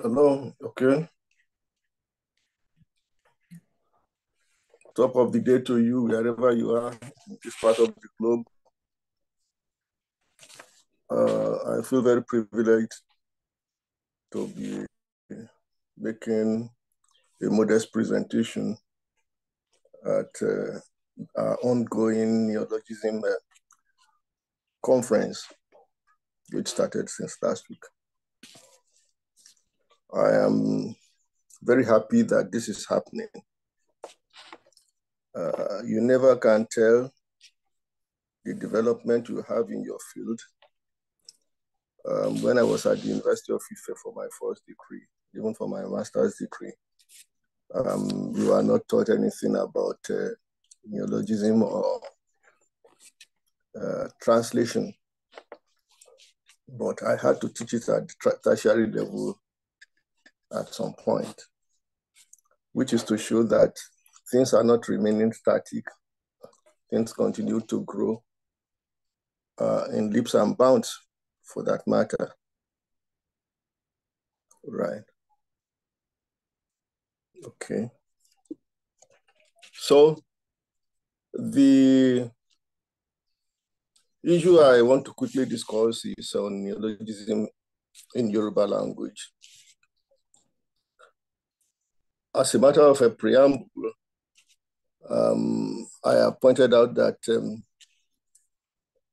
Hello. Okay. Top of the day to you, wherever you are in this part of the globe. Uh, I feel very privileged to be making a modest presentation at uh, our ongoing neologism uh, conference, which started since last week. I am very happy that this is happening. Uh, you never can tell the development you have in your field. Um, when I was at the University of Ife for my first degree, even for my master's degree, um, you are not taught anything about uh, neologism or uh, translation. But I had to teach it at tertiary level at some point, which is to show that things are not remaining static, things continue to grow uh, in leaps and bounds for that matter. Right. Okay. So the issue I want to quickly discuss is on neologism in Yoruba language as a matter of a preamble, um, I have pointed out that um,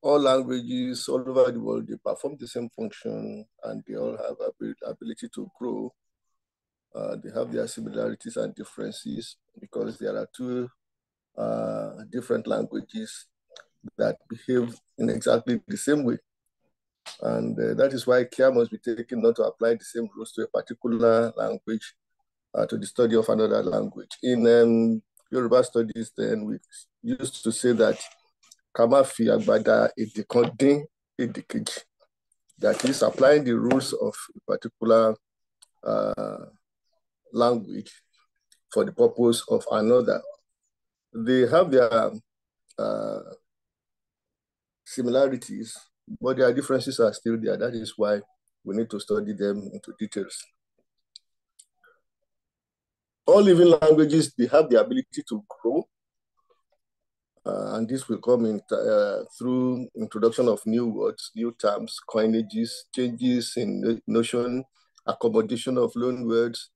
all languages all over the world, they perform the same function and they all have ability to grow. Uh, they have their similarities and differences because there are two uh, different languages that behave in exactly the same way. And uh, that is why care must be taken not to apply the same rules to a particular language uh, to the study of another language. In um, Yoruba studies, then we used to say that Kamafi Agbada Edikondin Edikeji, that is applying the rules of a particular uh, language for the purpose of another. They have their uh, similarities, but their differences are still there. That is why we need to study them into details all living languages, they have the ability to grow. Uh, and this will come in uh, through introduction of new words, new terms, coinages, changes in notion, accommodation of loan words.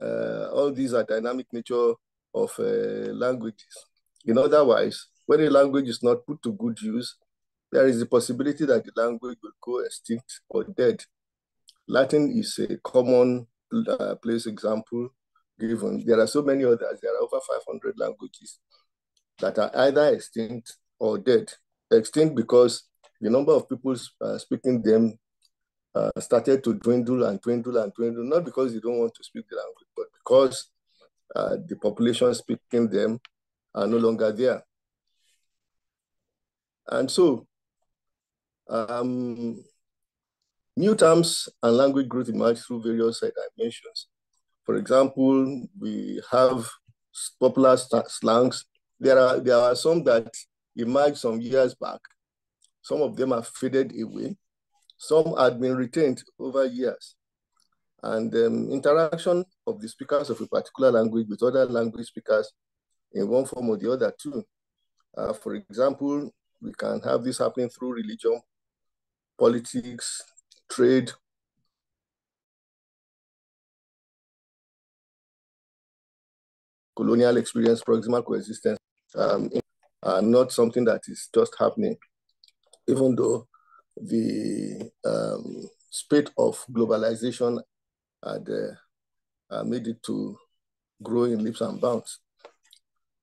Uh, all these are dynamic nature of uh, languages. In other words, when a language is not put to good use, there is the possibility that the language will go extinct or dead. Latin is a common uh, place example given. There are so many others. There are over 500 languages that are either extinct or dead. Extinct because the number of people uh, speaking them uh, started to dwindle and dwindle and dwindle, not because they don't want to speak the language, but because uh, the population speaking them are no longer there. And so, um, new terms and language growth emerge through various uh, dimensions. For example, we have popular slangs. There are, there are some that emerged some years back. Some of them have faded away. Some had been retained over years. And um, interaction of the speakers of a particular language with other language speakers in one form or the other too. Uh, for example, we can have this happening through religion, politics, trade, colonial experience, proximal coexistence, um, are not something that is just happening, even though the um, speed of globalization had uh, uh made it to grow in leaps and bounds.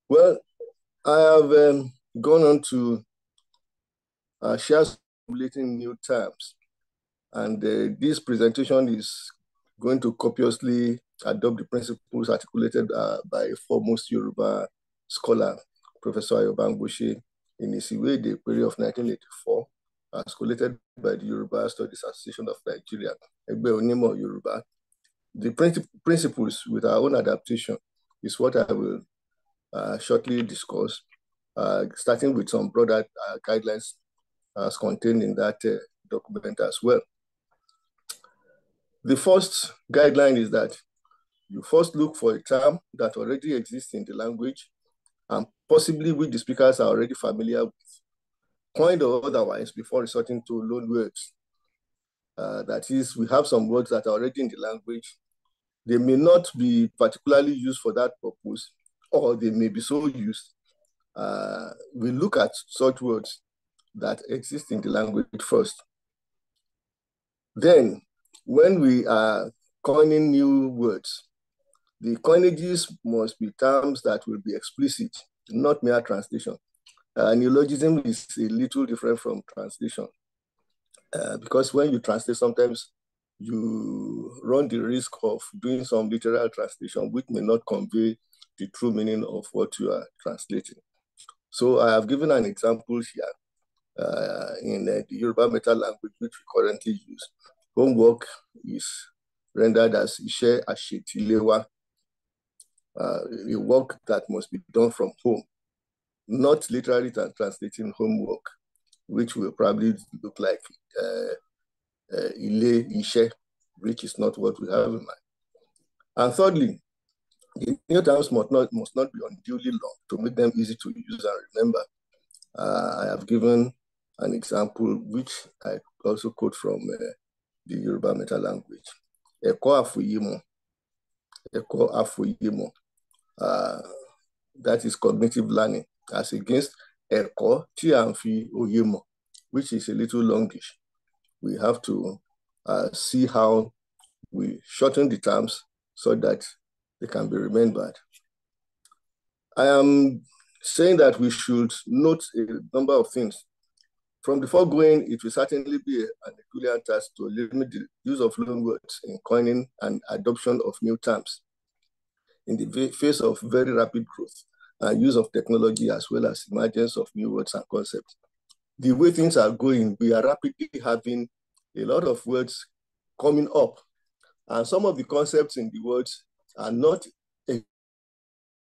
Well, I have um, gone on to uh, share relating new terms, and uh, this presentation is going to copiously adopt the principles articulated uh, by a foremost Yoruba scholar, Professor Ayobangbushi, in his the period of 1984, as articulated by the Yoruba Studies Association of Nigeria, Egbe Onimo Yoruba. The princip principles with our own adaptation is what I will uh, shortly discuss, uh, starting with some broader uh, guidelines as contained in that uh, document as well. The first guideline is that you first look for a term that already exists in the language and possibly which the speakers are already familiar with, coined or otherwise, before resorting to loan words. Uh, that is, we have some words that are already in the language. They may not be particularly used for that purpose, or they may be so used. Uh, we look at such words that exist in the language first. Then, when we are coining new words, the coinages must be terms that will be explicit, not mere translation. Uh, neologism is a little different from translation uh, because when you translate, sometimes you run the risk of doing some literal translation which may not convey the true meaning of what you are translating. So I have given an example here uh, in uh, the Yoruba metal language which we currently use. Homework is rendered as Ishe Ashetilewa, uh, work that must be done from home, not literally tra translating homework, which will probably look like uh, uh, ile ishe, which is not what we have in mind. And thirdly, the new terms must not, must not be unduly long to make them easy to use and remember. Uh, I have given an example which I also quote from uh, the Yoruba meta language. Ẹ̀kọ́ àfòyímọ̀. Ẹ̀kọ́ àfòyímọ̀. Uh, that is cognitive learning as against ẹ̀kọ́ tí à ń fi òye which is a little longish. We have to uh, see how we shorten the terms so that they can be remembered. I am saying that we should note a number of things. From the foregoing, it will certainly be an equivalent task to limit the use of loan words in coining and adoption of new terms in the face of very rapid growth and use of technology as well as emergence of new words and concepts. The way things are going, we are rapidly having a lot of words coming up. And some of the concepts in the words are not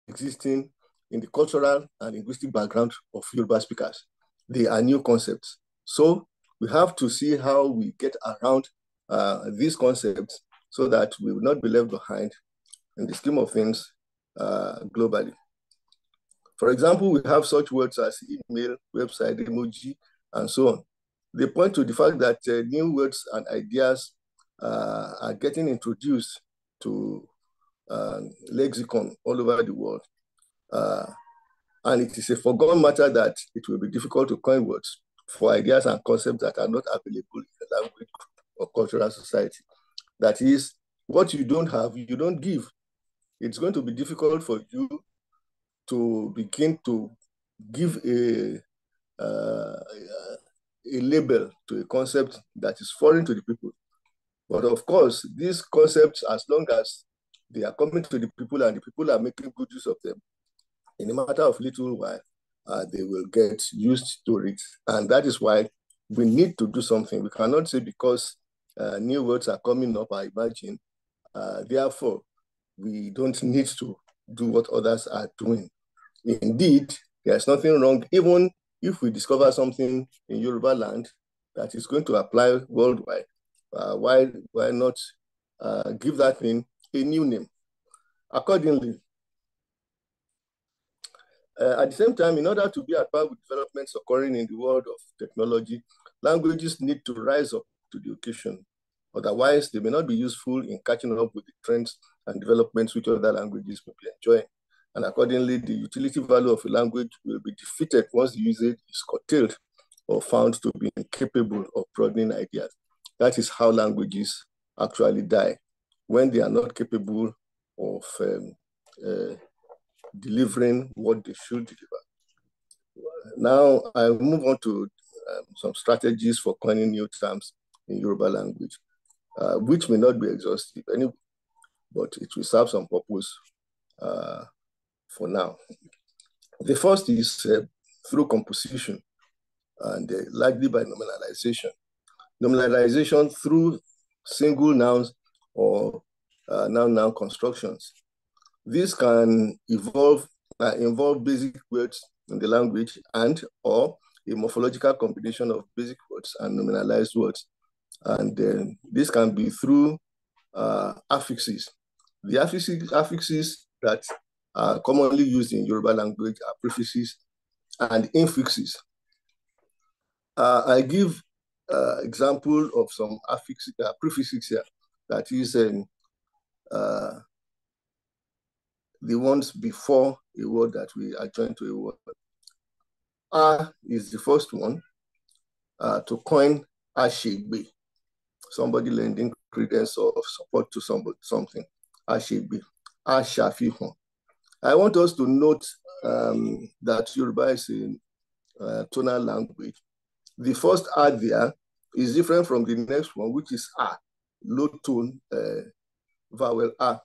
existing in the cultural and linguistic background of Yoruba speakers. They are new concepts. So we have to see how we get around uh, these concepts so that we will not be left behind in the scheme of things uh, globally. For example, we have such words as email, website, emoji, and so on. They point to the fact that uh, new words and ideas uh, are getting introduced to uh, lexicon all over the world. Uh, and it is a forgotten matter that it will be difficult to coin words for ideas and concepts that are not available in the language or cultural society. That is, what you don't have, you don't give it's going to be difficult for you to begin to give a, uh, a label to a concept that is foreign to the people. But of course, these concepts, as long as they are coming to the people and the people are making good use of them, in a matter of little while, uh, they will get used to it. And that is why we need to do something. We cannot say because uh, new words are coming up, I imagine. Uh, therefore, we don't need to do what others are doing. Indeed, there's nothing wrong, even if we discover something in Yoruba land that is going to apply worldwide, uh, why, why not uh, give that thing a new name? Accordingly, uh, at the same time, in order to be at par with developments occurring in the world of technology, languages need to rise up to the occasion. Otherwise, they may not be useful in catching up with the trends and developments which other languages may be enjoying. And accordingly, the utility value of a language will be defeated once the usage is curtailed or found to be incapable of broadening ideas. That is how languages actually die, when they are not capable of um, uh, delivering what they should deliver. Now I move on to um, some strategies for coining new terms in Yoruba language uh, which may not be exhaustive anyway, but it will serve some purpose uh, for now. The first is uh, through composition and likely by nominalization. Nominalization through single nouns or noun-noun uh, constructions. This can evolve, uh, involve basic words in the language and or a morphological combination of basic words and nominalized words and uh, this can be through uh, affixes. The affixes, affixes that are commonly used in Yoruba language are prefixes and infixes. Uh, I give uh, example of some affixes, uh, prefixes here, that is um, uh, the ones before a word that we adjoin to a word. A is the first one uh, to coin ashigbe somebody lending credence or support to somebody, something. Ashebe, Ashafihon. I want us to note um, that Yoruba is in uh, tonal language. The first A there is different from the next one, which is A, low tone uh, vowel A,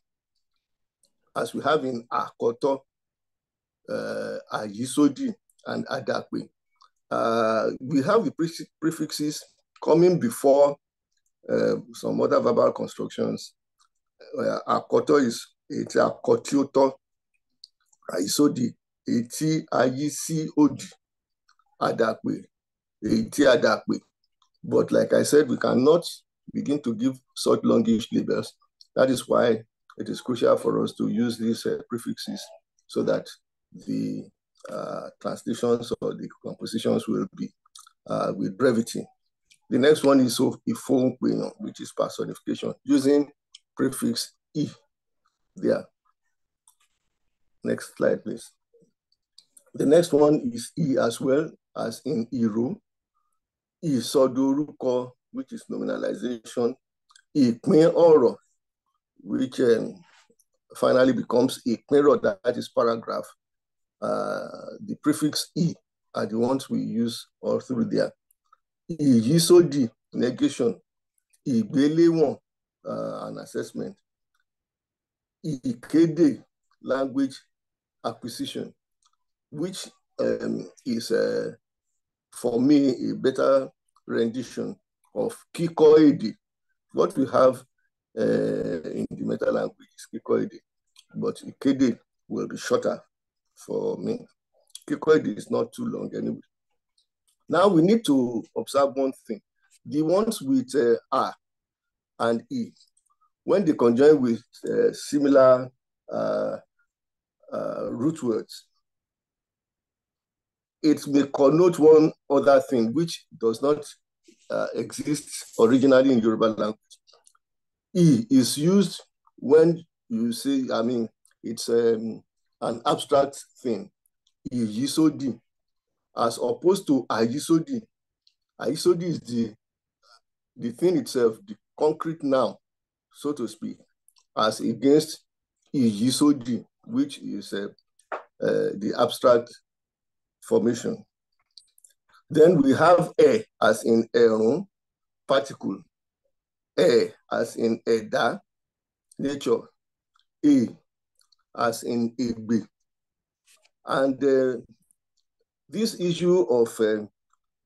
as we have in Akoto, uh, Ayisodi, and Adakwe. Uh, we have the prefixes coming before um, some other verbal constructions. àkọtọ́ is it àkọtí tọ́ àìsódì èyí tí a yí sí òdì àdàpè èyí tí but like I said we cannot begin to give such longish labels that is why it is crucial for us to use these uh, prefixes so that the uh, translations or the compositions will be uh, with brevity the next one is of Ifonquino, which is personification, using prefix E there. Next slide, please. The next one is E as well as in Iru. soduruko, which is nominalization. Ìpín ọ̀rọ̀, which um, finally becomes ìpín ọ̀rọ̀, that is paragraph. Uh, the prefix E are the ones we use all through there ìyísódì negation ìgbéléwọ̀n uh, and assessment ìkéde language acquisition which um, is uh, for me a better rendition of kíkọ́ èdè what we have uh, in the meta language is kíkọ́ èdè but ìkéde will be shorter for me. Kíkọ́ èdè is not too long anyway. Now we need to observe one thing. The ones with uh, R and E, when they conjoin with uh, similar uh, uh root words, it may connote one other thing which does not uh, exist originally in Yoruba language. E is used when you say, I mean, it's um, an abstract thing. Iyisodi as opposed to Ayisodi. Ayisodi is the, the thing itself, the concrete noun, so to speak, as against Iyisodi, which is uh, uh, the abstract formation. Then we have A, as in a particle. A, as in da nature. E as in E B, And uh, this issue of uh,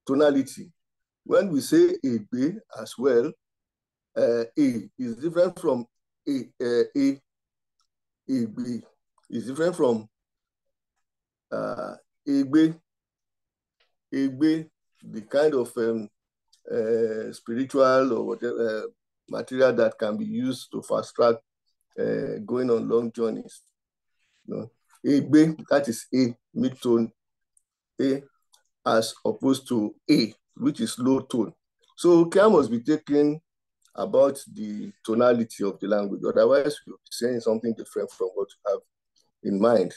tonality, when we say a B as well, uh, A is different from a uh, a a b is different from uh, A, B, A, B, the kind of um, uh, spiritual or whatever uh, material that can be used to fast track uh, going on long journeys. You know? A, B, that is A, mid-tone a as opposed to A, which is low tone. So care must be taken about the tonality of the language. Otherwise, you'll be saying something different from what you have in mind.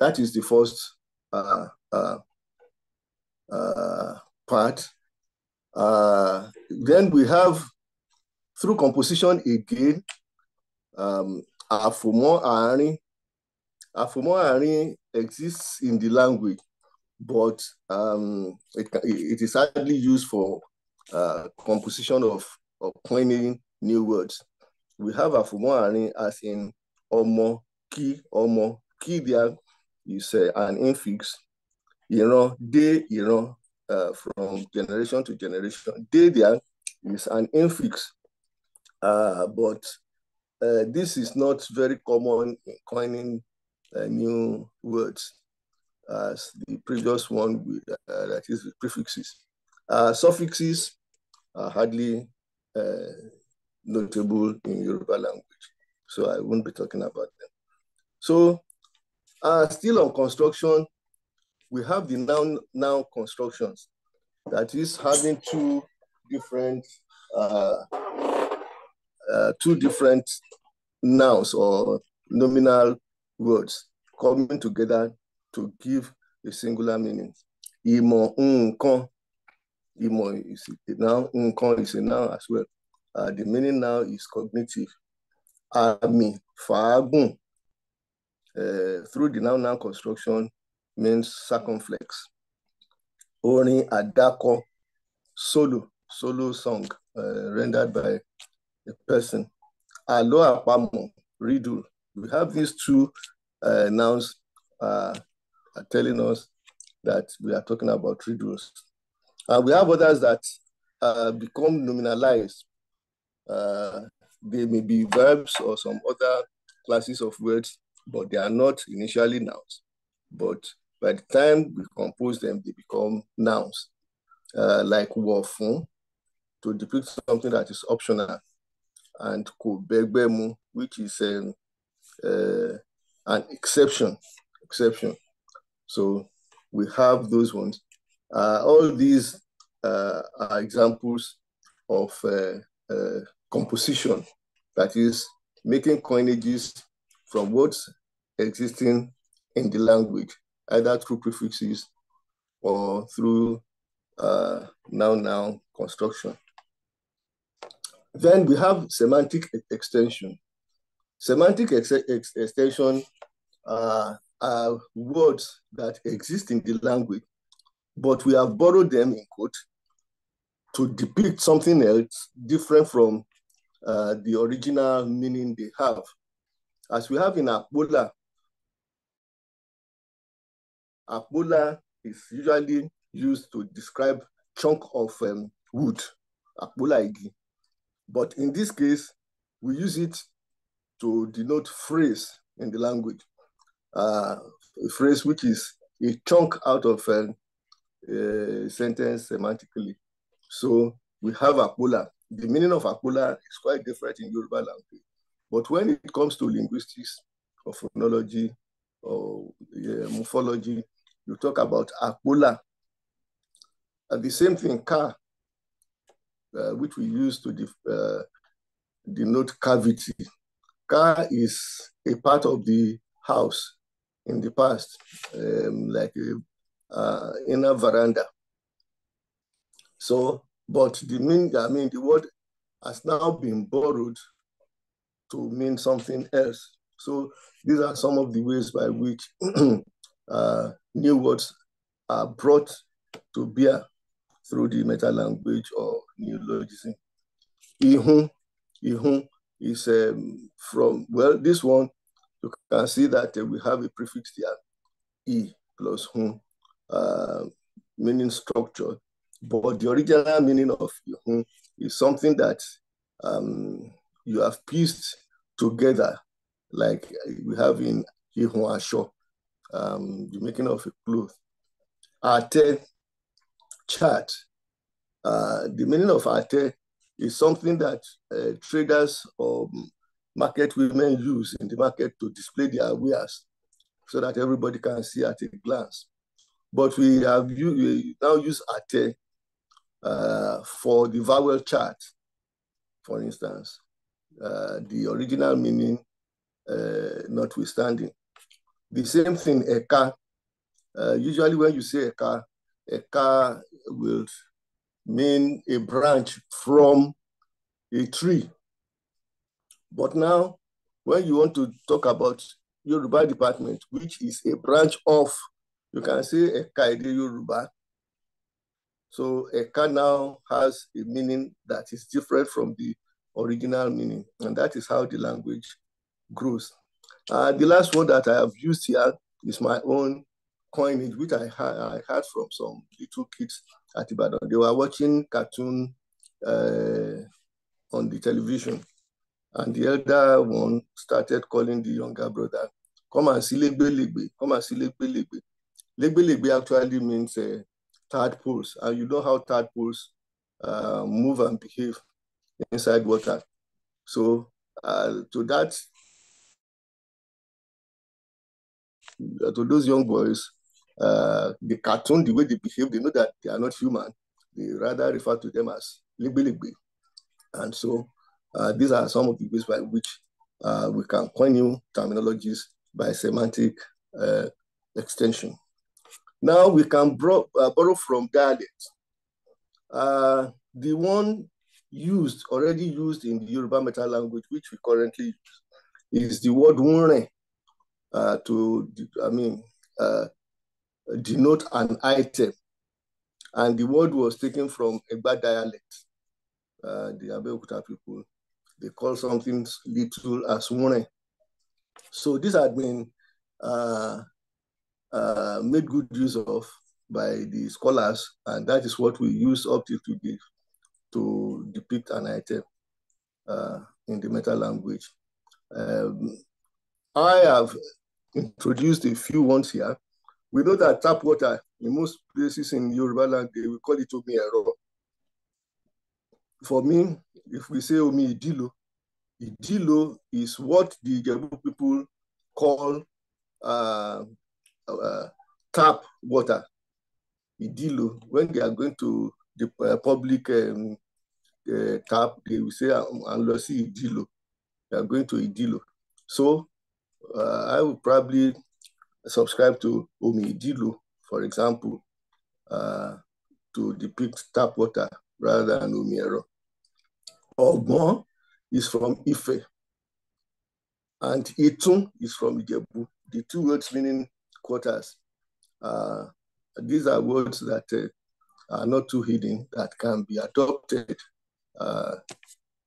That is the first uh, uh, uh, part. Uh, then we have, through composition again, um, Afumo Ari. Afumo Ari exists in the language, but um, it, it is hardly used for uh, composition of, of coining new words. We have afumoani as in omo, ki, omo, ki you say an infix, you know, de you know, uh, from generation to generation. They is an infix, uh, but uh, this is not very common in coining uh, new words as the previous one with, uh, that is with prefixes. Uh, suffixes are hardly uh, notable in Yoruba language, so I won't be talking about them. So uh, still on construction, we have the noun, noun constructions, that is having two different uh, two different nouns or nominal words coming together to give a singular meaning. Imo nkan. Imo is a noun, is a noun as well. Uh, the meaning now is cognitive. Ami, faagun, uh, through the noun noun construction means circumflex. Oni adako, solo, solo song uh, rendered by a person. Alo apamo, riddle, we have these two uh, nouns uh, are telling us that we are talking about riddles. Uh, we have others that uh, become nominalized. Uh, they may be verbs or some other classes of words, but they are not initially nouns. But by the time we compose them, they become nouns, uh, like wofun, to depict something that is optional, and kubebemu, which is um, uh, an exception, exception. So we have those ones. Uh, all these uh, are examples of uh, uh, composition, that is making coinages from words existing in the language, either through prefixes or through noun-noun uh, construction. Then we have semantic extension. Semantic ex ex extension uh, are words that exist in the language, but we have borrowed them in quote to depict something else different from uh, the original meaning they have. As we have in Apola, Apola is usually used to describe chunk of um, wood, Apola igi. But in this case, we use it to denote phrase in the language. Uh, a phrase which is a chunk out of a, um, a sentence semantically. So we have Akula. The meaning of Akula is quite different in Yoruba language. But when it comes to linguistics or phonology or yeah, morphology, you talk about Akula. And the same thing, ka, uh, which we use to uh, denote cavity car is a part of the house in the past, um, like a, uh, inner veranda. So, but the meaning, I mean, the word has now been borrowed to mean something else. So these are some of the ways by which uh, new words are brought to bear through the meta language or neologism. Ihun, ihun is um, from, well, this one, you can see that uh, we have a prefix here, E plus h, uh, meaning structure. But the original meaning of hun is something that um, you have pieced together, like uh, we have in Ihun um, the making of a cloth. Ate, chat, Uh, the meaning of ate is something that uh, traders or mm, market women use in the market to display their wares so that everybody can see at a glance. But we have we now use ATE uh, for the vowel chart, for instance, uh, the original meaning notwithstanding. The same thing, A car. usually when you say a car, a car will mean a branch from a tree. But now, when you want to talk about Yoruba department, which is a branch of, you can say a Ede Yoruba. So Eka now has a meaning that is different from the original meaning, and that is how the language grows. Uh, the last one that I have used here is my own coinage, which I, ha I had from some little kids at Ibadan. They were watching cartoon uh, on the television. And the elder one started calling the younger brother, come and see Legbe Legbe, come and see Legbe Legbe. Legbe Legbe actually means uh, tadpoles. And you know how tadpoles uh, move and behave inside water. So uh, to that, to those young boys, uh, the cartoon, the way they behave, they know that they are not human. They rather refer to them as ligbe And so uh, these are some of the ways by which uh, we can coin new terminologies by semantic uh, extension. Now we can uh, borrow from dialects. the one used, already used in the Yoruba metal language, which we currently use, is the word wunre, to, I mean, denote an item. And the word was taken from Egba dialect. Uh, the Abeokuta people, they call something little as one. So this had been uh, uh, made good use of by the scholars, and that is what we use up till today to depict an item uh, in the meta language. Um, I have introduced a few ones here. We know that tap water in most places in Yoruba land, they will call it omi ẹ̀rọ. For me, if we say omi idilo, idilo is what the Ijebu people call uh, uh, tap water. Idilo, when they are going to the uh, public um, uh, tap, they will say, I'm ah, Idilo. They are going to Idilo. So uh, I will probably subscribe to Omidilu, for example, uh, to depict tap water rather than Omiero. Ogbon is from Ife, and Itun is from Ijebu. The two words meaning quarters. Uh, these are words that uh, are not too hidden that can be adopted uh,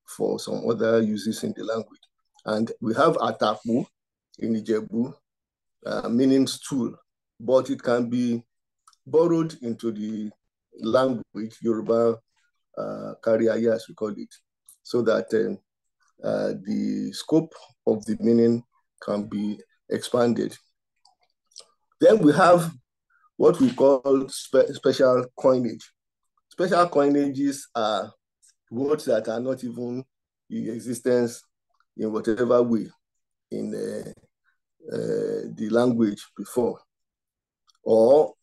for some other uses in the language. And we have Atapu in Ijebu, uh, meaning meanings tool, but it can be borrowed into the language, Yoruba uh, Kariaya, as we call it, so that um, uh, the scope of the meaning can be expanded. Then we have what we call spe special coinage. Special coinages are words that are not even in existence in whatever way in uh, uh, the language before, or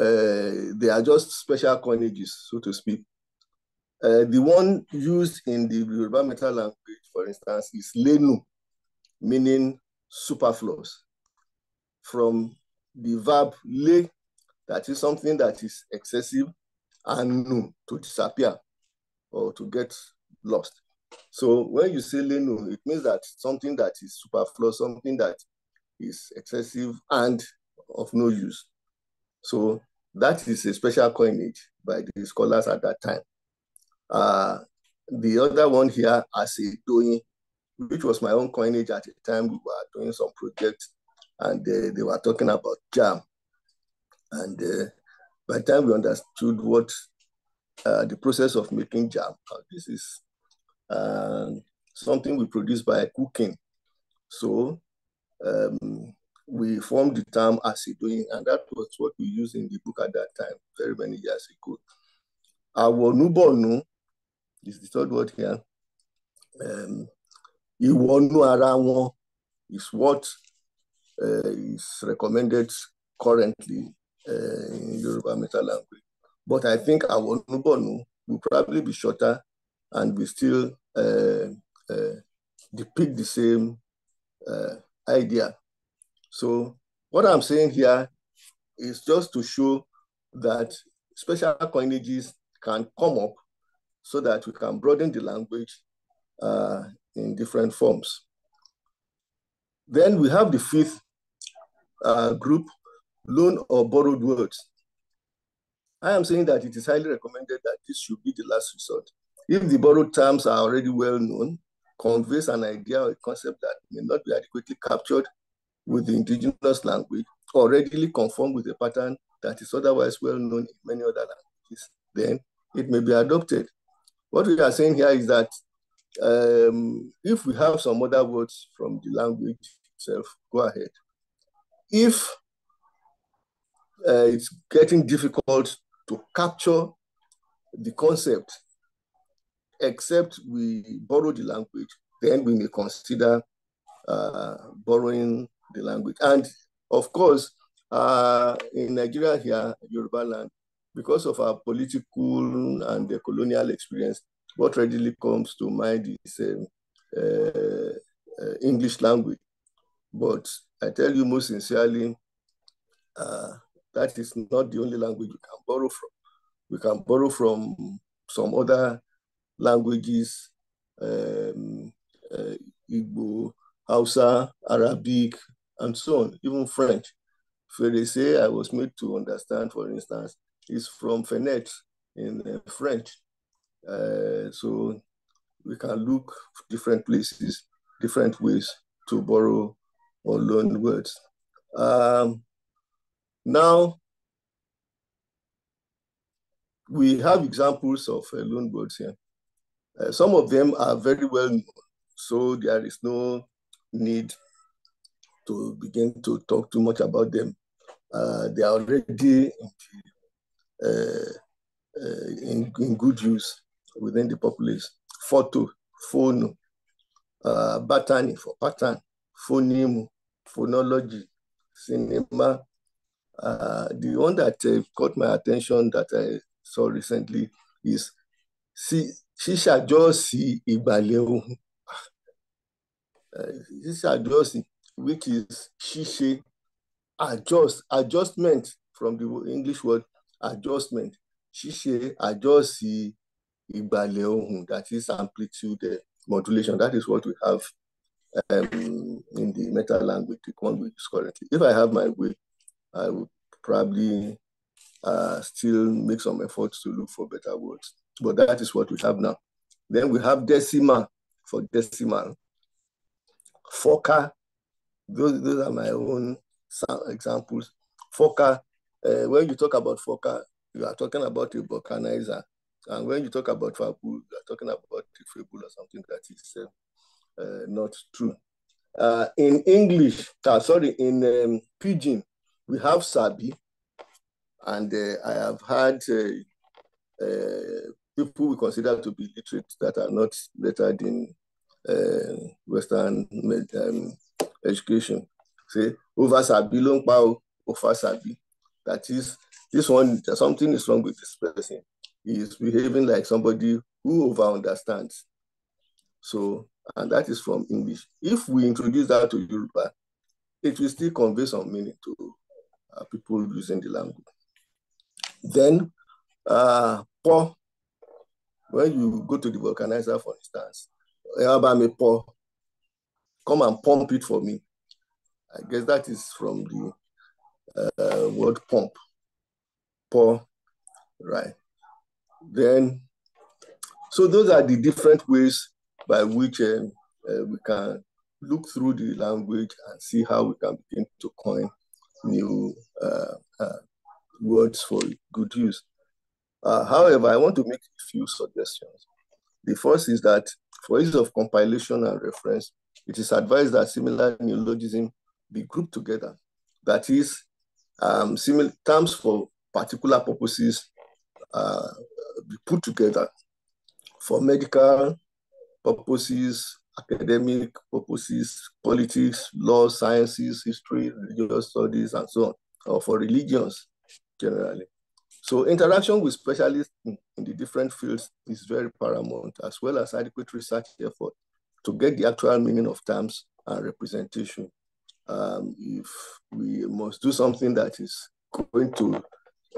uh, they are just special coinages, so to speak. Uh, the one used in the Yoruba metal language, for instance, is lenu, meaning superfluous, from the verb le, that is something that is excessive, and nu, to disappear or to get lost. So when you say lenu, it means that something that is superfluous, something that is excessive and of no use. So that is a special coinage by the scholars at that time. Uh, the other one here, as a doing, which was my own coinage at the time we were doing some projects and uh, they were talking about jam. And uh, by the time we understood what uh, the process of making jam, this is uh, something we produce by cooking. So um, we formed the term acidoing, and that was what we used in the book at that time, very many years ago. Our nubonu is the third word here. Um, is what uh, is recommended currently uh, in Yoruba meta language. But I think our nubonu will probably be shorter and we still uh, uh, depict the same uh, idea. So what I'm saying here is just to show that special coinages can come up so that we can broaden the language uh, in different forms. Then we have the fifth uh, group, loan or borrowed words. I am saying that it is highly recommended that this should be the last resort. If the borrowed terms are already well known, conveys an idea or a concept that may not be adequately captured with the indigenous language or readily conform with a pattern that is otherwise well known in many other languages, then it may be adopted. What we are saying here is that um, if we have some other words from the language itself, go ahead. If uh, it's getting difficult to capture the concept except we borrow the language, then we may consider uh, borrowing the language. And of course, uh, in Nigeria here, Yoruba land, because of our political and the colonial experience, what readily comes to mind is um, uh, uh, English language. But I tell you most sincerely, uh, that is not the only language we can borrow from. We can borrow from some other languages, um, uh, Igbo, Hausa, Arabic, and so on, even French. Ferese, I was made to understand, for instance, is from Fenet in uh, French. Uh, so we can look different places, different ways to borrow or learn words. Um, now, we have examples of uh, loan words here. Uh, some of them are very well known, so there is no need to begin to talk too much about them. Uh, they are already uh, uh, in, in, good use within the populace. Photo, phono, uh, batani for pattern, phonemu, phonology, cinema. Uh, the one that uh, caught my attention that I saw recently is C ṣíṣàjọ́sí ìgbàlẹ̀ ohun ṣíṣàjọ́sí which is ṣíṣe adjust adjustment from the English word adjustment ṣíṣe àjọ́sí ìgbàlẹ̀ ohun that is amplitude eh, modulation that is what we have um, in the meta language the one we currently if I have my way I would probably uh, still make some efforts to look for better words. But that is what we have now. Then we have decimal for decimal. Foca, those, those are my own examples. Foca, uh, eh, when you talk about foca, you are talking about a vulcanizer. And when you talk about fable, you are talking about a fable or something that is uh, uh, not true. Uh, in English, sorry, in um, Pidgin, we have Sabi, and I have had people we consider to be literate that are not lettered in uh, Western um, education. See, over Sabi Longpao, over Sabi. That is, this one, something is wrong with this person. He is behaving like somebody who over understands. So, and that is from English. If we introduce that to Yoruba, it will still convey some meaning to uh, people using the language. Then, uh, poor when you go to the vulcanizer, for instance, pour, come and pump it for me. I guess that is from the uh, word pump, pour, right? Then, so those are the different ways by which uh, uh, we can look through the language and see how we can begin to coin new uh, uh, words for good use. Uh, however, I want to make a few suggestions. The first is that for ease of compilation and reference, it is advised that similar neologism be grouped together. That is, um, similar terms for particular purposes uh, be put together for medical purposes, academic purposes, politics, law, sciences, history, religious studies, and so on, or for religions generally. So interaction with specialists in, in, the different fields is very paramount, as well as adequate research effort to get the actual meaning of terms and representation. Um, if we must do something that is going to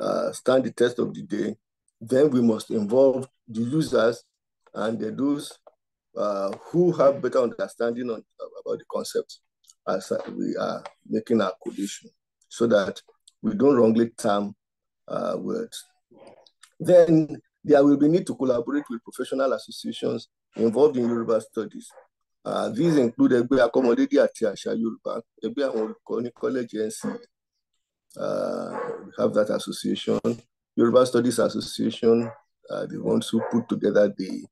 uh, stand the test of the day, then we must involve the users and the, those uh, who have better understanding on, about the concepts as we are making our condition so that we don't wrongly term uh, words. Then there will be need to collaborate with professional associations involved in Yoruba studies. Uh, these include Ẹgbẹ́ Akọ́mọdédé àti Àṣà Yorùbá, Ẹgbẹ́ àwọn College NC. Uh, we have that association, Yoruba Studies Association, uh, the ones who put together the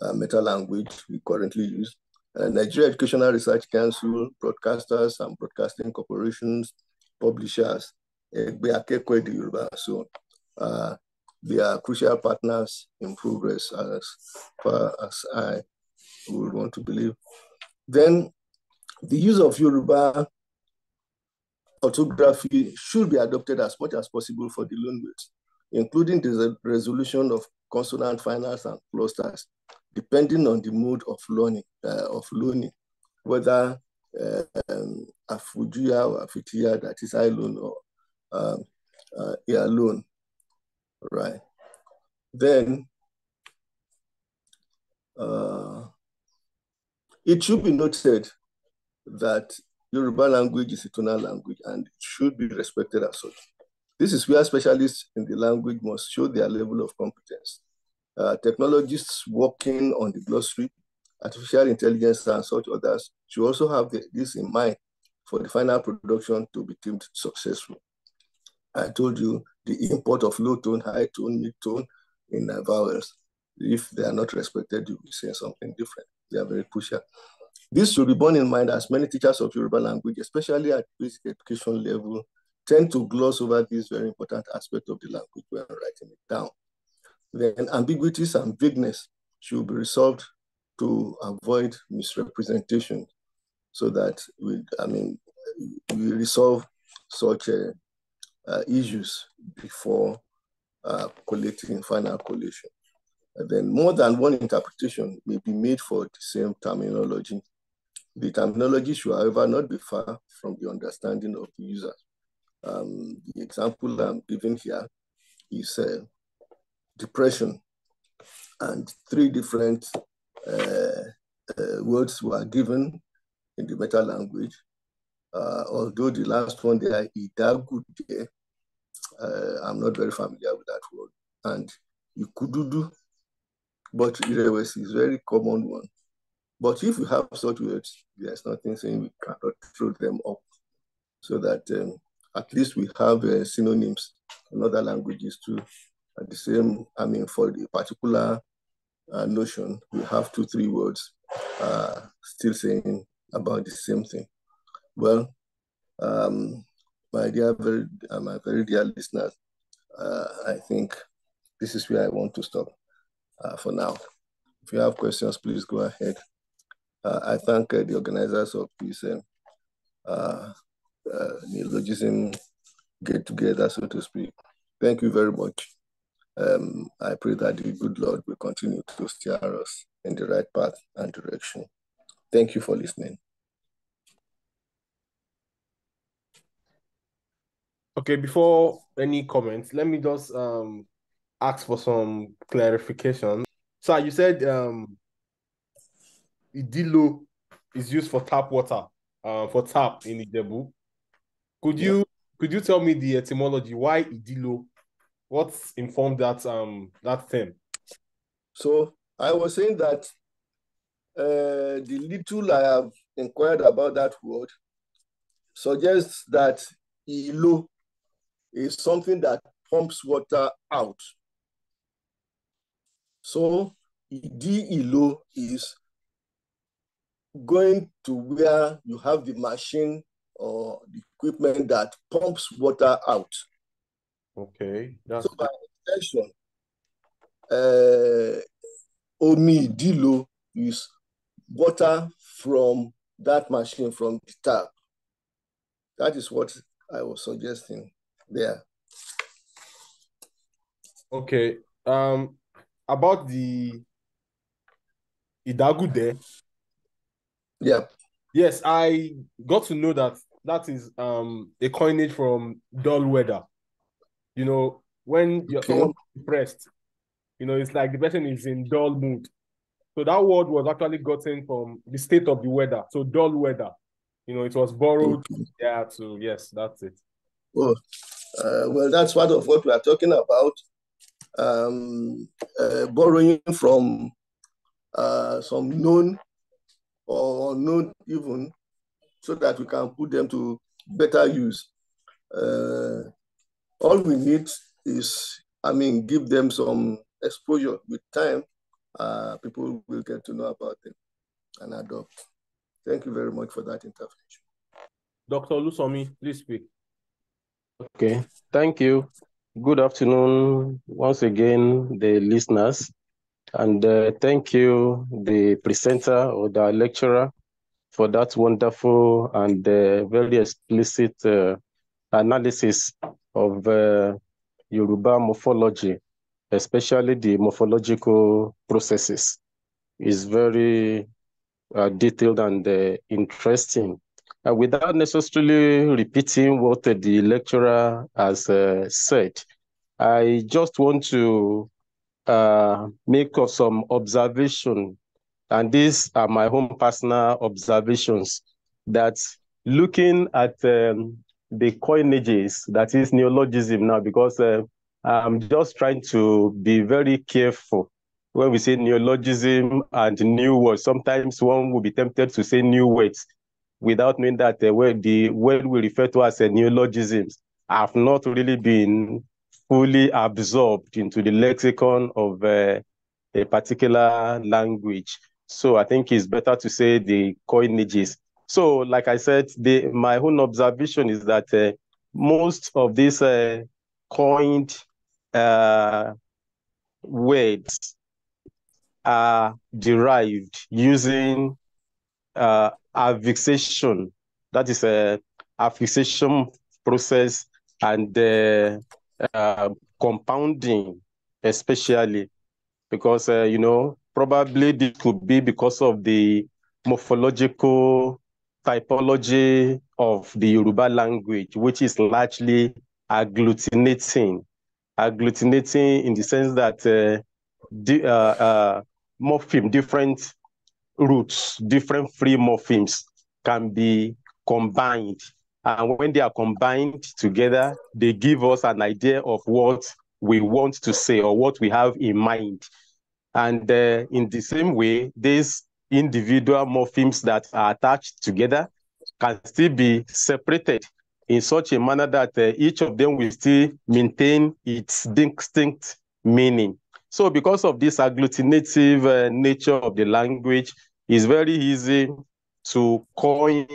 uh, meta language we currently use. Uh, Nigeria Educational Research Council, broadcasters and broadcasting corporations, publishers, ẹgbẹ́ akẹ́kọ̀ọ́ èdè Yorùbá so uh, they are crucial partners in progress as far as I would want to believe. Then the use of Yoruba orthography should be adopted as much as possible for the language, including the resolution of consonant finals and clusters, depending on the mode of learning, uh, of learning whether um, or Afitiya, that is I learn or um, uh, uh, alone, right? Then uh, it should be noted that Yoruba language is a tonal language and it should be respected as such. This is where specialists in the language must show their level of competence. Uh, technologists working on the glossary, artificial intelligence, and such others should also have the, this in mind for the final production to be deemed successful. I told you the import of low tone, high tone, mid tone in uh, vowels. If they are not respected, you will say something different. They are very crucial. This should be borne in mind as many teachers of Yoruba language, especially at basic education level, tend to gloss over this very important aspect of the language when writing it down. Then ambiguities and vagueness should be resolved to avoid misrepresentation so that we, I mean, we resolve such a uh, issues before uh, collecting final collation. And then more than one interpretation may be made for the same terminology. The terminology should, however, not be far from the understanding of the user. Um, the example I'm giving here is uh, depression, and three different uh, uh, words were given in the meta language uh, although the last one there, Idagude, uh, I'm not very familiar with that word, and Ikududu, but Irewesi is a very common one. But if you have such words, there's nothing saying we cannot throw them up so that um, at least we have uh, synonyms in other languages too. At the same, I mean, for the particular uh, notion, we have two, three words uh, still saying about the same thing. Well, um, my dear, very, uh, my very dear listeners, uh, I think this is where I want to stop uh, for now. If you have questions, please go ahead. Uh, I thank uh, the organizers of this um, uh, neologism get together, so to speak. Thank you very much. Um, I pray that the good Lord will continue to steer us in the right path and direction. Thank you for listening. Okay, before any comments, let me just um ask for some clarification. So you said um Idilo is used for tap water, uh, for tap in Ijebu. Could you could you tell me the etymology? Why Idilo? What's informed that um that term? So I was saying that uh, the little I have inquired about that word suggests that Ilo is something that pumps water out. So DELO is going to where you have the machine or the equipment that pumps water out. Okay. That's... So by extension, uh, Omi Dilo is water from that machine, from the tap. That is what I was suggesting. Yeah. Okay. Um, about the Idagude. Yeah. Yes, I got to know that that is um a coinage from dull weather. You know, when you're okay. depressed, you know, it's like the person is in dull mood. So that word was actually gotten from the state of the weather. So dull weather. You know, it was borrowed. Okay. Yeah, so yes, that's it. Oh, uh, well, that's part of what we are talking about. Um, uh, borrowing from uh, some known or unknown even, so that we can put them to better use. Uh, all we need is, I mean, give them some exposure with time. Uh, people will get to know about them and adopt. Thank you very much for that intervention. Dr. Lusomi, please speak. Okay, thank you. Good afternoon once again, the listeners. And uh, thank you, the presenter or the lecturer, for that wonderful and uh, very explicit uh, analysis of uh, Yoruba morphology, especially the morphological processes. is very uh, detailed and uh, interesting uh, without necessarily repeating what the lecturer has uh, said, I just want to uh, make some observation, and these are my own personal observations, that looking at um, the coinages, that is neologism now, because uh, I'm just trying to be very careful when we say neologism and new words. Sometimes one will be tempted to say new words without knowing that the word, the word we refer to as a neologisms have not really been fully absorbed into the lexicon of uh, a particular language. So I think it's better to say the coinages. So, like I said, the, my own observation is that uh, most of these uh, coined uh, words are derived using uh, a fixation That is uh, a fixation process and uh, uh, compounding, especially because uh, you know probably this could be because of the morphological typology of the Yoruba language, which is largely agglutinating, agglutinating in the sense that uh, di- uh, morpheme, different roots, different free morphemes can be combined. And when they are combined together, they give us an idea of what we want to say or what we have in mind. And uh, in the same way, these individual morphemes that are attached together can still be separated in such a manner that uh, each of them will still maintain its distinct meaning. So because of this agglutinative uh, nature of the language, it's very easy to coin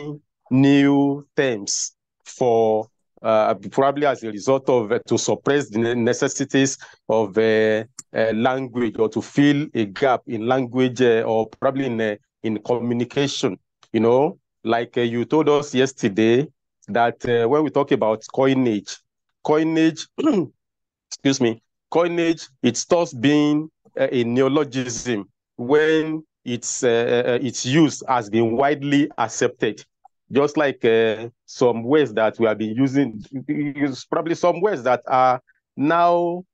new terms for uh, probably as a result of uh, to suppress the necessities of uh, uh, language or to fill a gap in language uh, or probably in uh, in communication. You know, like you told us yesterday that when we talk about coinage, coinage, excuse me, coinage, it starts being uh, a neologism when it's uh, uh its use has been widely accepted just like uh, some words that we have been using probably some words that are now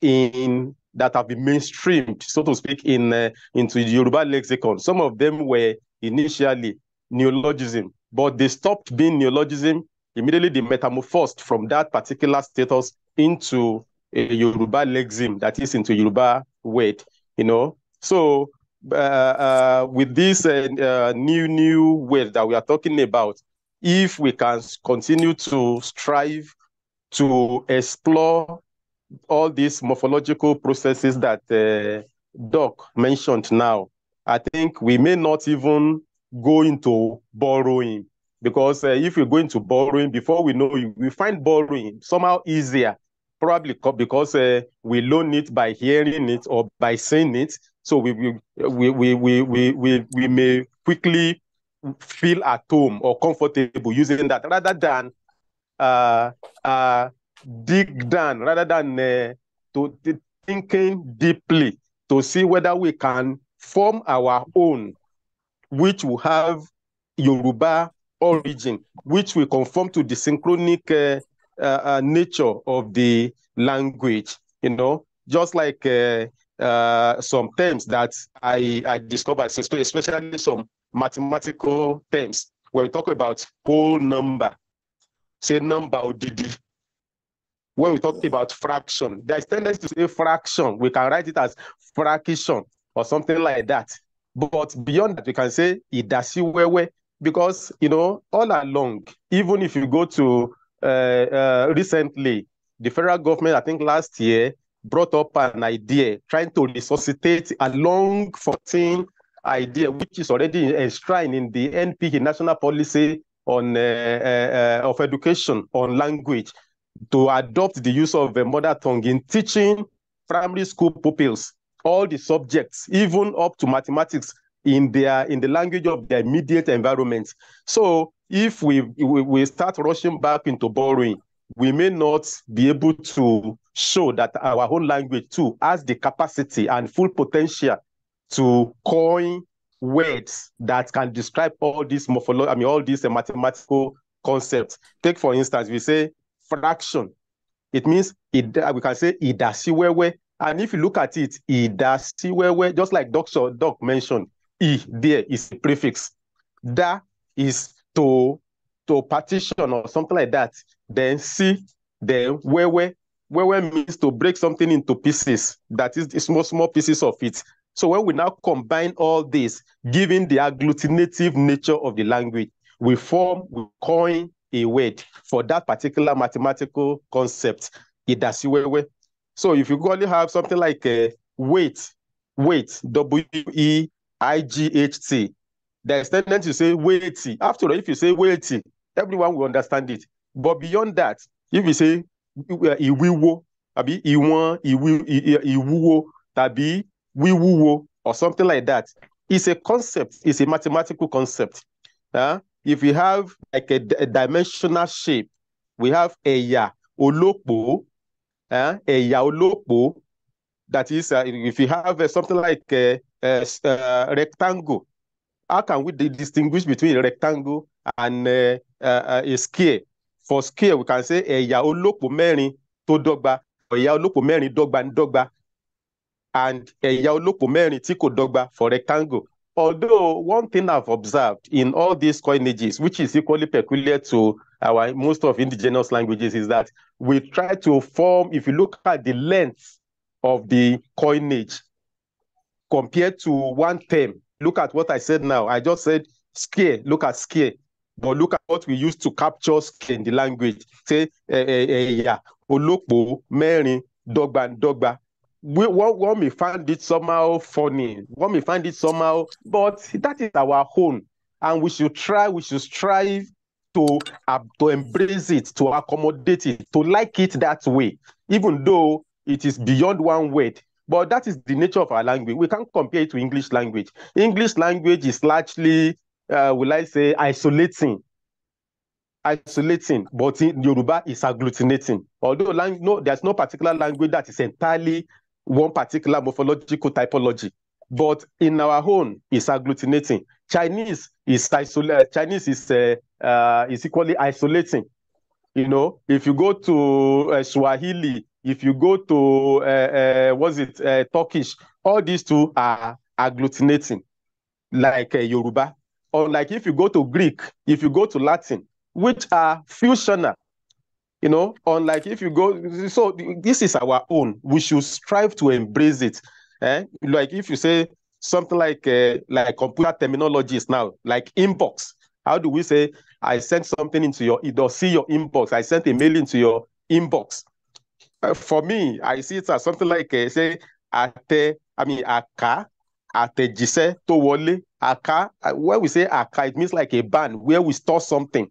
in that have been mainstreamed so to speak in uh, into yoruba lexicon some of them were initially neologism but they stopped being neologism immediately they metamorphosed from that particular status into a Yoruba lexim that is into Yoruba word, you know. So uh, uh, with this uh, uh new new word that we are talking about, if we can continue to strive to explore all these morphological processes that uh, Doc mentioned now, I think we may not even go into borrowing because uh, if we go into borrowing, before we know, we find borrowing somehow easier probably because uh, we learn it by hearing it or by seeing it. So we we, we we we we we may quickly feel at home or comfortable using that rather than uh, uh, dig down, rather than uh, to, thinking deeply to see whether we can form our own, which will have Yoruba origin, which will conform to the synchronic uh, uh, uh, nature of the language. You know, just like uh, uh, some terms that I, I discovered, especially some mathematical terms. When we talk about whole number, say number ODD. When we talk about fraction, there's tendency to say fraction. We can write it as fraction or something like that. But beyond that, we can say idasiwewe because you know all along, even if you go to uh, uh, recently, the federal government, I think last year, brought up an idea trying to resuscitate a long 14 idea which is already enshrined in the NPE national policy on uh, uh, uh, of education on language to adopt the use of the mother tongue in teaching primary school pupils all the subjects even up to mathematics in their in the language of their immediate environment so if we, we, we start rushing back into borrowing, we may not be able to show that our own language too has the capacity and full potential to coin words that can describe all these morpholo- I mean, all these uh, mathematical concepts. Take for instance, we say fraction. It means it, we can say idasiwewe. And if you look at it, idasiwewe, just like Dr. Doc mentioned, i there is a prefix. Da is to to partition or something like that. Then see then wewe. Wewe means to break something into pieces. That is small, small pieces of it. So when we now combine all this, given the agglutinative nature of the language, we form, we coin a word for that particular mathematical concept, idasiwewe. So if you only have something like a eh, weight, weight, W-E-I-G-H-T, the extended you say weighty. After all, if you say weighty, everyone will understand it. But beyond that, if you say eh, iwiwo, abi iwan, iwuwo, tabi wiwuwo, or something like that, it's a concept. It's a mathematical concept. Uh, if you have like a, a dimensional shape, we have eya olopo, uh, ya olopo. That is, uh, if you have uh, something like a, a, a rectangle, how can we distinguish between a rectangle and uh, uh, uh, a square? For square, we can say ẹ̀yà olópò mẹ́rin tó dọ́gba, ẹ̀yà olópò mẹ́rin dọ́gba and dọ́gba, and ẹ̀yà olópò mẹ́rin tí dọ́gba for rectangle. Although one thing I've observed in all these coinages, which is equally peculiar to our most of indigenous languages, is that we try to form, if you look at the length of the coinage compared to one term Look at what I said now. I just said scare. Look at scare. But look at what we used to capture scare in the language. Say, eh, eh, eh, yeah, olokbo, mary, dọ́gba, dọ́gba. We, one, one may find it somehow funny. One may find it somehow, but that is our home, And we should try, we should strive to uh, to embrace it, to accommodate it, to like it that way, even though it is beyond one word, but that is the nature of our language. We can't compare it to English language. English language is largely, uh, will I say, isolating. Isolating, but in Yoruba is agglutinating. Although lang- no, there's no particular language that is entirely one particular morphological typology. But in our own, it's agglutinating. Chinese is isol- uh, Chinese is uh, uh, is equally isolating. You know, if you go to uh, Swahili, if you go to uh, uh, what's it uh, Turkish, all these two are agglutinating, like uh, Yoruba, or like if you go to Greek, if you go to Latin, which are fusional. You know, unlike if you go, so this is our own. We should strive to embrace it. Eh? Like if you say something like uh, like computer terminologies now, like inbox. How do we say I sent something into your? It does see your inbox. I sent a mail into your inbox uh, for me, I see it as something like uh, say àtẹ, I mean àká, àtẹ̀jíṣẹ́ tó wọlé. Àká, uh, when we say àká, it means like a band where we store something.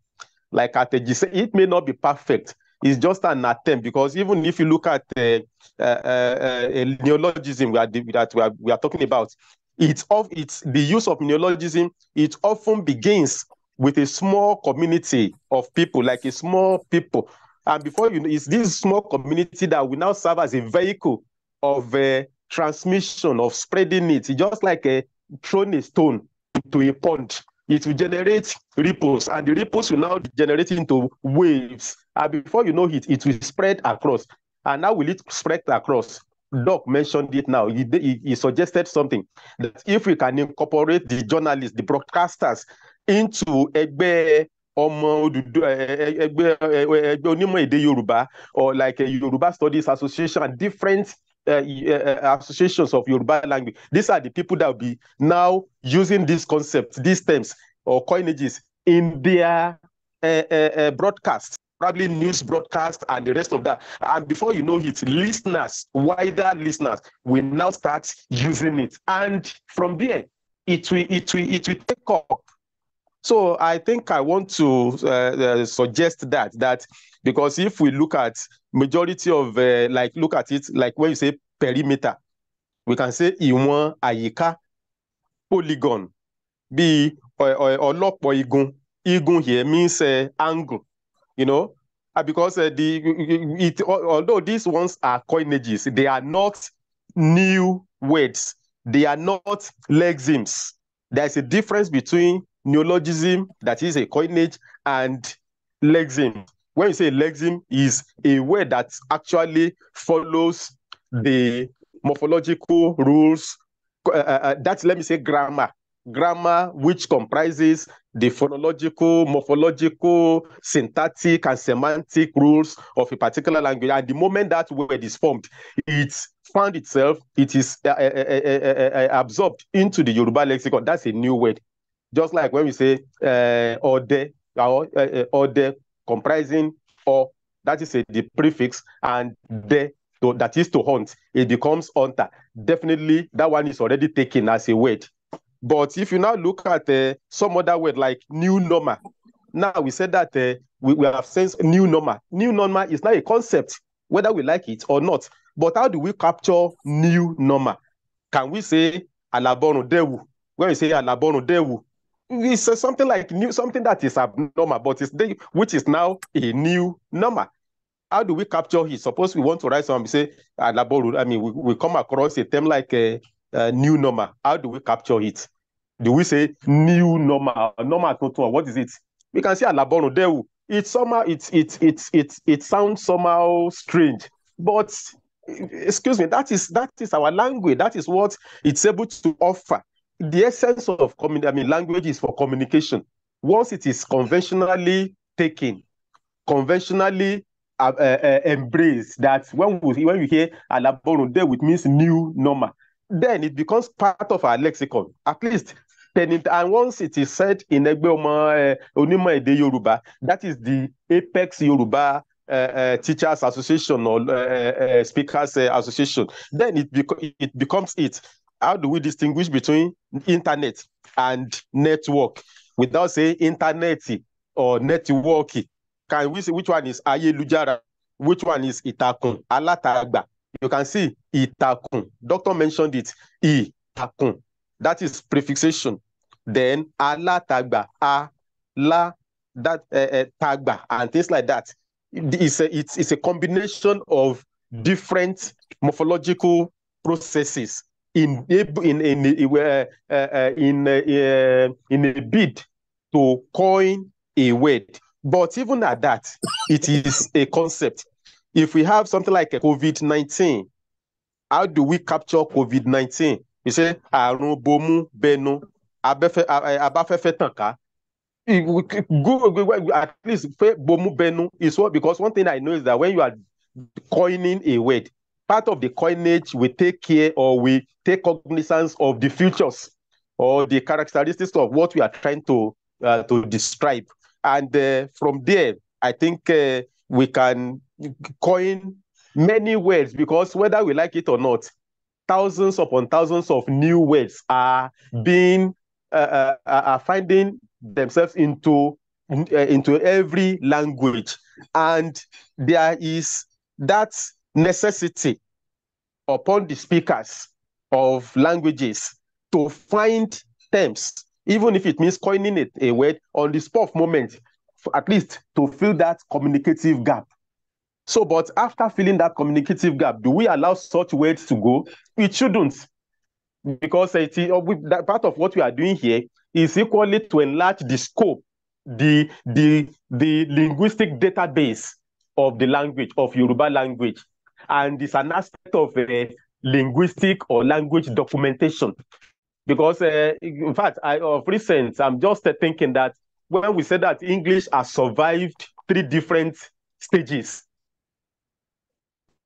Like àtẹ̀jíṣẹ́, it may not be perfect. It's just an attempt because even if you look at uh, uh, uh, a neologism we are, that we are, we are talking about, it's of it's the use of neologism. It often begins with a small community of people, like a small people and before you know, it's this small community that will now serve as a vehicle of uh, transmission, of spreading it. It's just like a, uh, throwing a stone into a pond. It will generate ripples, and the ripples will now generate into waves. And before you know it, it will spread across. And now will it spread across? Doc mentioned it now. He, he, he suggested something that if we can incorporate the journalists, the broadcasters into a ọmọ ẹgbẹ́ ẹgbẹ́ onímọ̀ èdè Yorùbá or like a Yorùbá Studies Association and different uh, uh, associations of Yoruba language. These are the people that will be now using these concepts, these terms or coinages in their uh, uh, broadcasts, probably news broadcast and the rest of that. And before you know it, listeners, wider listeners, will now start using it. And from there, it will, it will, it will take off. So I think I want to uh, uh, suggest that that because if we look at majority of uh, like look at it like when you say perimeter, we can say ìwọ̀n àyíká polygon or uh, uh, ọlọ́pọ̀ igun igun here means uh, angle, you know, because uh, the it, although these ones are coinages, they are not new words. They are not lexemes. There is a difference between neologism, that is a coinage, and lexem. When you say lexem, is a word that actually follows the morphological rules. Uh, uh, uh that's let me say grammar, grammar which comprises the phonological, morphological, syntactic, and semantic rules of a particular language. At the moment that word is formed, it found itself, it is uh, uh absorbed into the Yoruba lexicon. That's a new word. Just like when we say uh, eh, ode, or uh, eh, ode eh, comprising or that is a, the prefix and de to, that is to hunt, it becomes hunter. Definitely, that one is already taken as a word. But if you now look at uh, some other word like new normal, now we said that uh, we, we have sensed new normal. New normal is not a concept, whether we like it or not. But how do we capture new normal? Can we say alabono dewu? When we say alabono dewu, it's uh, something like new, something that is abnormal, but it's the, which is now a new number. How do we capture it? Suppose we want to write something, say, ah, I mean, we, we come across a term like a, uh, a uh, new number. How do we capture it? Do we say new normal, normal total? What is it? We can say alaboru ah, dewu. It somehow it's it's it's it's it sounds somehow strange, but excuse me, that is that is our language. That is what it's able to offer the essence of I mean, language is for communication. Once it is conventionally taken, conventionally uh, uh, uh embraced, that when we when we hear alaborun there, it means new normal. Then it becomes part of our lexicon, at least. Then it, and once it is said in Egbe Omo uh, Ede Yoruba, that is the apex Yoruba uh, uh, teachers association or uh, uh speakers association then it, bec- it becomes it how do we distinguish between internet and network without saying internet or network? Can we see which one is ayélujára? Which one is ìtàkùn alátagbà? You can see ìtàkùn. Doctor mentioned it. Ìtàkùn. That is prefixation. Then alátagbà, la that uh, eh, uh, eh, tagba and things like that. It's a, it's, it's a combination of different morphological processes in in in uh, uh, uh, in in, in a bid to coin a word. But even at that, it is a concept. If we have something like a COVID nineteen, how do we capture COVID nineteen? You say àrùn bomú Beno abáfẹ́fẹ́ At least bomú Beno is what because one thing I know is that when you are coining a word, part of the coinage we take care or we take cognizance of the features or the characteristics of what we are trying to uh, to describe and uh, from there i think uh, we can coin many words because whether we like it or not thousands upon thousands of new words are hmm. being uh, uh, are finding themselves into uh, into every language and there is that necessity upon the speakers of languages to find terms, even if it means coining it a word on the spur of moment, at least to fill that communicative gap. So, but after filling that communicative gap, do we allow such words to go? It shouldn't, because it eh, oh, is, part of what we are doing here is equally to enlarge the scope, the the the linguistic database of the language of Yoruba language and it's an aspect of uh, linguistic or language documentation. Because, uh, in fact, I, of recent, I'm just uh, thinking that when we say that English has survived three different stages.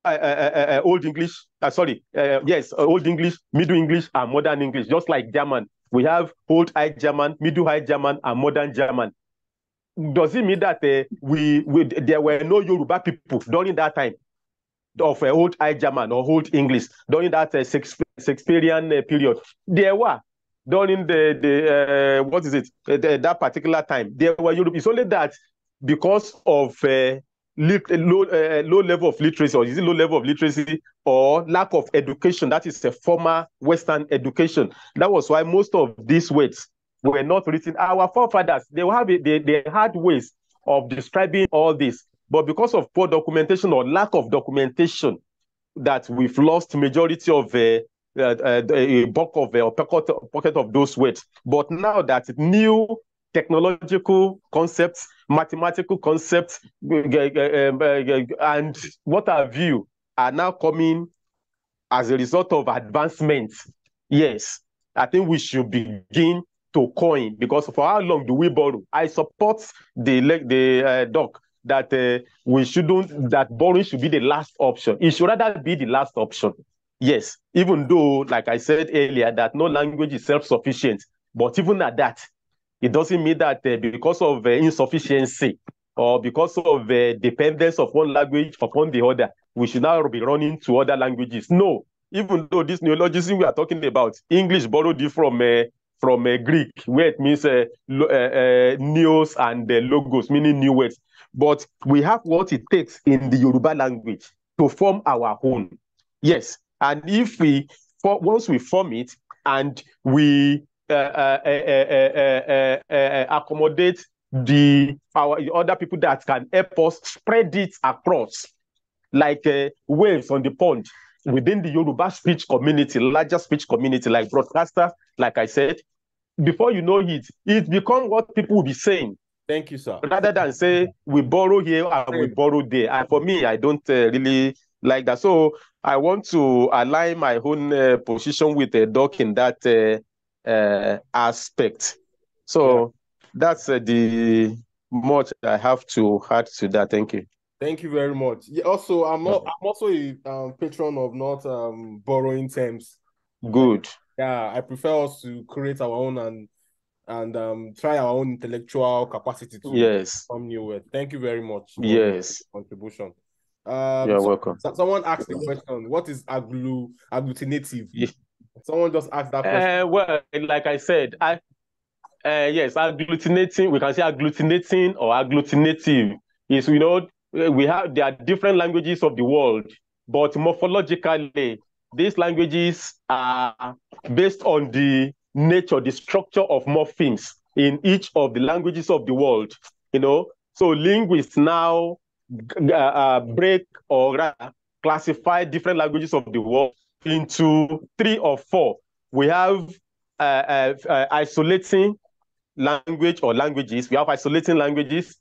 Uh, uh, uh, old English, sorry, yes, Old English, Middle English, and Modern English, just like German. We have Old High German, Middle High German, and Modern German does it mean that uh, we, we, there were no Yoruba people during that time? of uh, old High German or old English during that uh, Shakespearean uh, period. There were during the the uh, what is it uh, the, that particular time there were Europe. It's only that because of uh, uh, low uh, low level of literacy or is it low level of literacy or lack of education that is a former Western education. That was why most of these words were not written. Our forefathers they have they, they had ways of describing all this. But because of poor documentation or lack of documentation, that we've lost majority of uh, uh, uh a bulk of uh, pocket, pocket of those weights. But now that new technological concepts, mathematical concepts, uh, uh, um, and what have you are now coming as a result of advancements. Yes, I think we should begin to coin because for how long do we borrow? I support the the uh, doc that uh, we shouldn't that borrowing should be the last option. It should rather be the last option. Yes, even though, like I said earlier, that no language is self-sufficient, but even at that, it doesn't mean that uh, because of uh, insufficiency or because of the uh, dependence of one language upon the other, we should now be running to other languages. No, even though this neologism we are talking about, English borrowed it from uh, from uh, Greek, where it means uh, lo- uh, uh, and logos, meaning new words but we have what it takes in the Yoruba language to form our own. Yes, and if we once we form it and we uh, uh, uh, accommodate the our other people that can help us spread it across like waves on the pond within the Yoruba speech community, larger speech community, like broadcasters, like I said, before you know it, it becomes what people will be saying Thank you, sir. Rather than say we borrow here and we borrow there. And for me, I don't uh, really like that. So I want to align my own uh, position with a uh, doc in that uh, uh, aspect. So yeah. that's uh, the much I have to add to that. Thank you. Thank you very much. Yeah, also, I'm not, I'm also a um, patron of not um, borrowing terms. Good. Yeah, I prefer us to create our own and and um, try our own intellectual capacity to yes. come new with. Thank you very much. yes. Contribution. Um, You're so, welcome. So someone asked the question, what is aglu agglutinative? Yeah. Someone just asked that question. Uh, well, like I said, I uh, yes, agglutinating, we can say agglutinating or agglutinative is, We know, eh, we have, there are different languages of the world, but morphologically, these languages are based on the nature, the structure of morphemes in each of the languages of the world. You know, so linguists now uh, uh break or classify different languages of the world into three or four. We have uh, uh, uh isolating language or languages. We have isolating languages.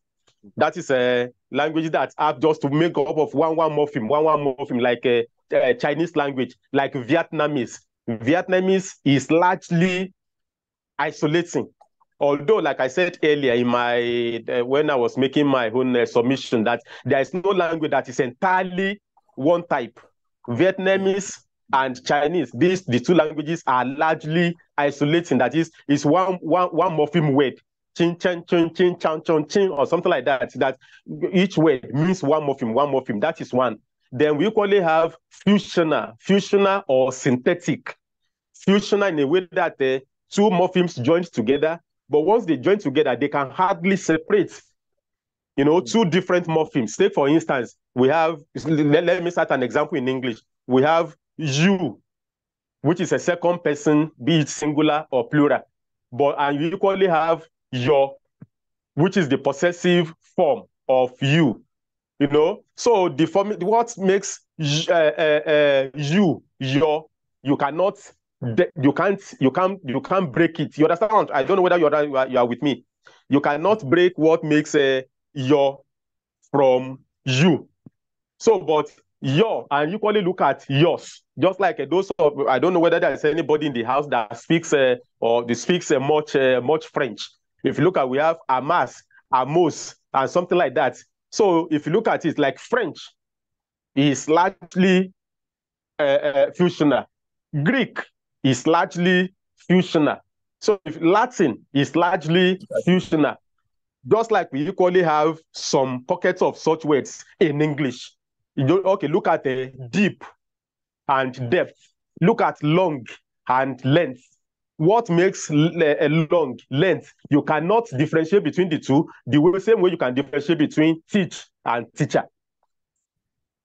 That is a uh, language that have just to make up of one one morpheme, one one morpheme, like a, a Chinese language, like Vietnamese, Vietnamese is largely isolating. Although, like I said earlier, in my uh, when I was making my own uh, submission, that there is no language that is entirely one type. Vietnamese and Chinese, these the two languages are largely isolating. That is, is one one one morpheme word, chin chin chin chin chan chan chin, or something like that. That each word means one morpheme, one morpheme. That is one. Then we equally have fusional, fusional or synthetic. Fusional in a way that uh, two morphemes join together, but once they join together, they can hardly separate. You know, two different morphemes. Take for instance, we have, let, let me start an example in English. We have you, which is a second person, be it singular or plural. But and you equally have your, which is the possessive form of you. You know, so the form what makes uh, uh, uh, you your you cannot hmm. you can't you can't you can't break it. You understand? I don't know whether you are you are, you are with me. You cannot break what makes uh, your from you. So, but your and you only look at yours just like uh, those of i don't know whether there's anybody in the house that speaks uh, or that speaks uh, much uh, much french if you look at we have amas amos and something like that so if you look at it, like French is largely uh, uh, fusional. Greek is largely fusional. So Latin is largely fusional, just like we equally have some pockets of such words in English. You do, okay, look at the deep and depth. Look at long and length what makes a long length you cannot differentiate between the two the same way you can differentiate between teach and teacher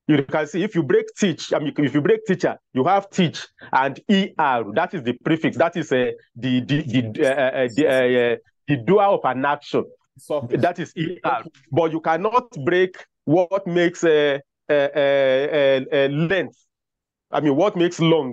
you can see if you break teach i mean if you break teacher you have teach and er that is the prefix that is uh, the the the, uh, the, uh, the doer of an action So that is er but you cannot break what makes a, a, a, a length i mean what makes long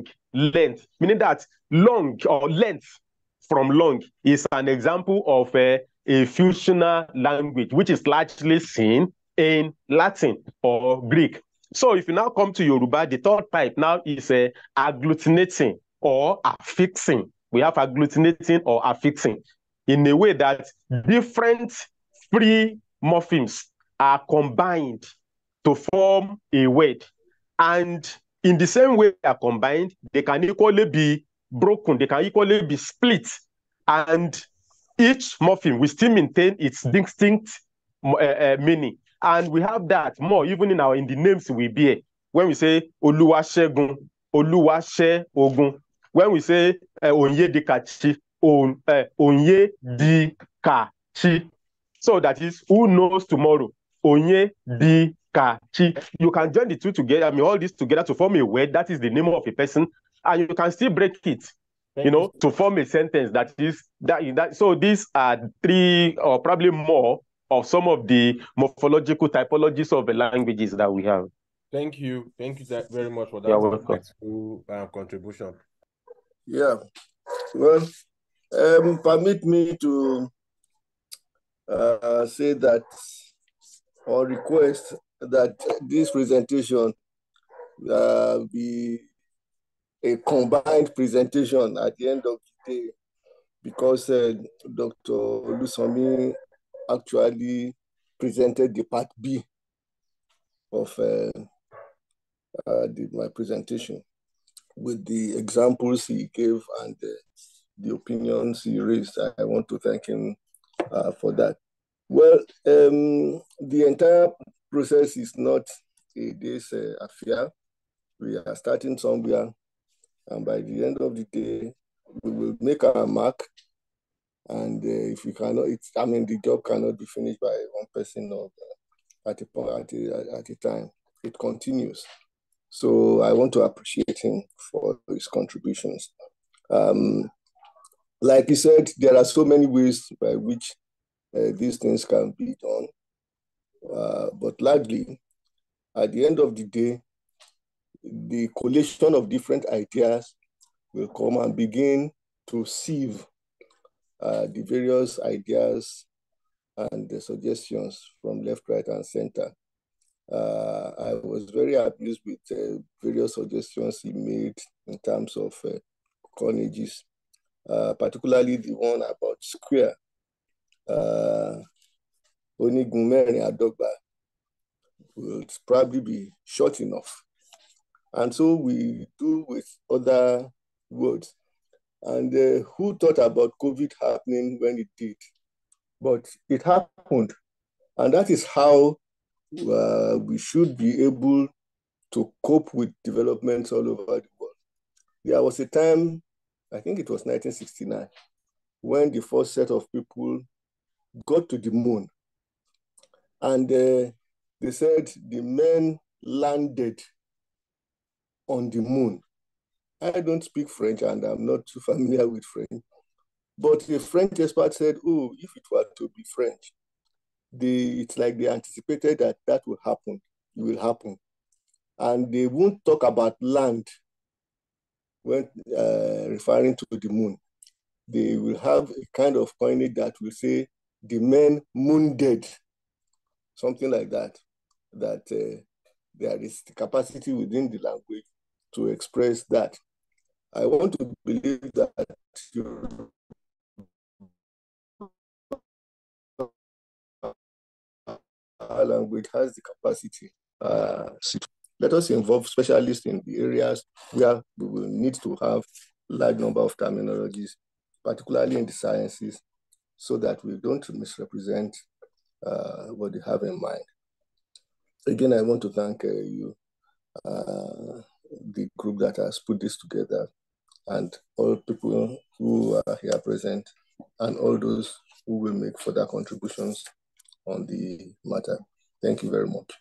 length meaning that Long or length from long is an example of uh, a, a fusional language, which is largely seen in Latin or Greek. So if you now come to Yoruba, the third type now is a uh, agglutinating or affixing. We have agglutinating or affixing in a way that different free morphemes are combined to form a word. And in the same way they are combined, they can equally be broken, they can equally be split, and each morpheme will still maintain its distinct uh, uh, meaning. And we have that more even in our in the names we bear. When we say Oluwasegun, Oluwase Ogun, when we say uh, Onyedikachi, on, uh, Onyedikachi. So that is who knows tomorrow. Onyedikachi. You can join the two together, I mean all this together to form a word. That is the name of a person and you can still break it you know to form a sentence that is that that so these are three or probably more of some of the morphological typologies of the languages that we have thank you thank you that very much for that helpful, uh, contribution yeah well um, permit me to uh, say that or request that this presentation uh, be a combined presentation at the end of the day because uh, Dr. Lusomi actually presented the part B of uh, uh, the, my presentation with the examples he gave and the, uh, the opinions he raised. I want to thank him uh, for that. Well, um, the entire process is not a day's uh, affair. We are starting somewhere and by the end of the day, we will make our mark. And uh, if we cannot, it's, I mean, the job cannot be finished by one person or uh, at a point at a, at a time. It continues. So I want to appreciate him for his contributions. Um, like he said, there are so many ways by which uh, these things can be done. Uh, but largely, at the end of the day, the collation of different ideas will come and begin to sieve uh, the various ideas and the suggestions from left, right, and center. Uh, I was very amused with uh, various suggestions he made in terms of uh, coinages, uh, particularly the one about square. Uh, Onigun mẹ́rin adọ́gba will probably be short enough and so we do with other words. And uh, who thought about COVID happening when it did? But it happened. And that is how uh, we should be able to cope with developments all over the world. There was a time, I think it was 1969, when the first set of people got to the moon. And uh, they said the men landed on the moon. I don't speak French and I'm not too familiar with French. But a French expert said, oh, if it were to be French, they, it's like they anticipated that that will happen. It will happen. And they won't talk about land when uh, referring to the moon. They will have a kind of coinage that will say, the men dead, something like that, that uh, there is the capacity within the language to express that. I want to believe that you language has the capacity. Uh, let us involve specialists in the areas where we will need to have large number of terminologies, particularly in the sciences, so that we don't misrepresent uh, what you have in mind. Again, I want to thank uh, you. Uh, the group that has put this together and all people who are here present and all those who will make further contributions on the matter. Thank you very much.